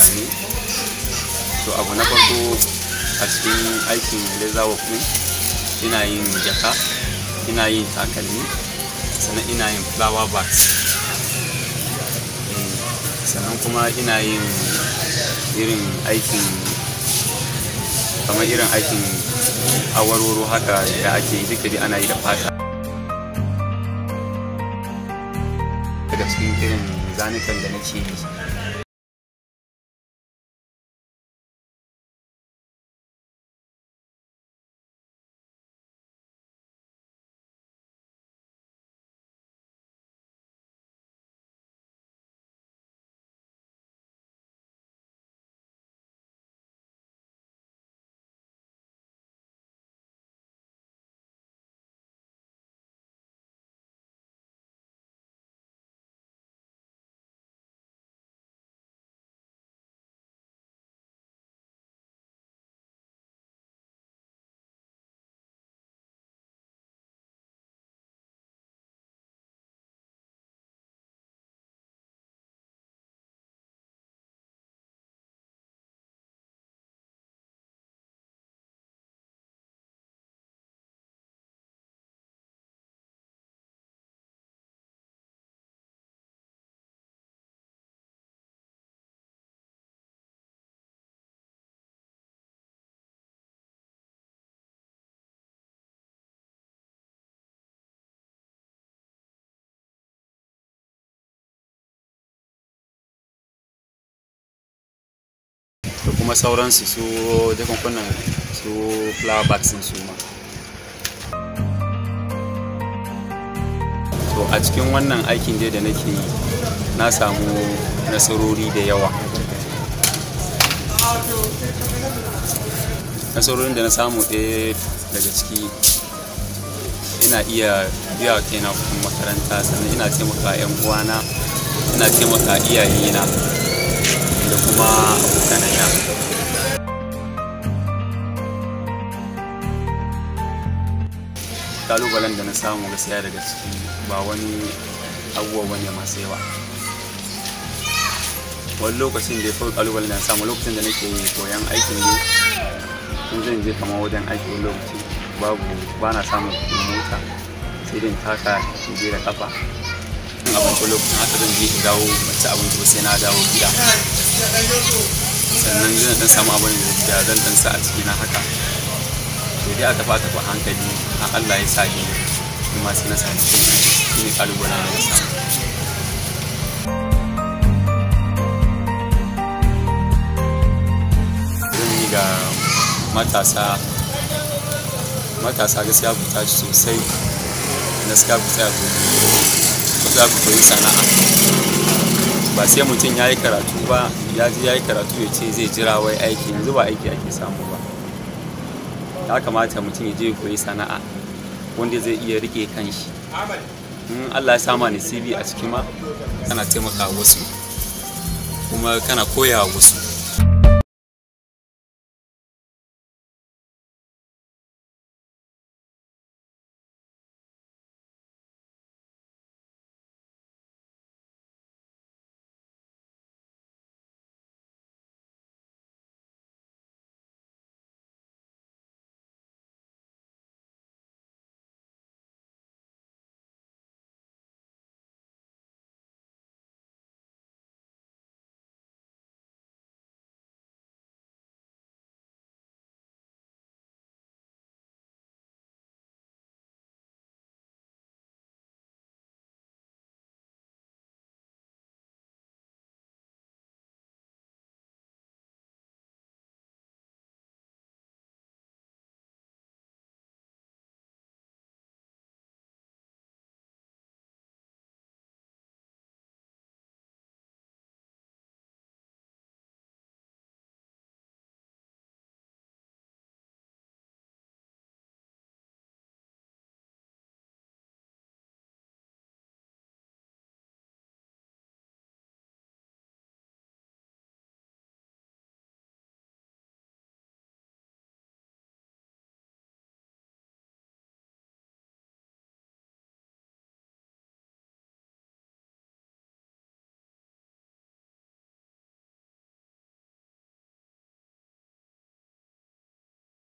to abu na farko a cikin aikin leather work ina yin jaka ina yin takalmi sannan ina yin flower bags eh, sannan kuma ina yin irin aikin kamar irin aikin awarwaro haka da ake yi duka ana yi da fata daga cikin irin zanukan da nake yi da kuma sauransu su jakunkunan su flower bags su ma to a cikin wannan aikin dai da nake na samu nasarori da yawa nasarorin da na samu ɗaya daga ciki ina iya biya kaina makaranta sannan ina taimaka 'yan uwana ina taimaka iyayena da kuma abokan sha da na samu gaskiya daga ciki ba wani abubuwa bane masu yawa wani lokacin da ya fi kalubalen da na samu lokacin da nake koyan aikin ne in zan je kama wajen aiki wani lokaci babu ba na samun mota sai dai taka je da kafa abin lokacin haka zan je dawo mace abin sai na dawo gida sannan zan dan samu abin da zan dan sa a ciki na haka to dai a tafa tafa hankali a Allah ya sa ni ma sai na samu shi ne kalubalen da na samu zan yi ga matasa matasa gaskiya ku tashi sosai gaskiya ku tsaya ku ku koyi sana'a ba sai mutum ya yi karatu ba ya ji ya yi karatu ya ce zai jira wai aiki yanzu ba aiki ake samu ba ya kamata mutum ya je ya koyi sana'a wanda zai iya rike kanshi in Allah ya sama nasibi a ciki ma kana taimaka wasu kuma kana koya wasu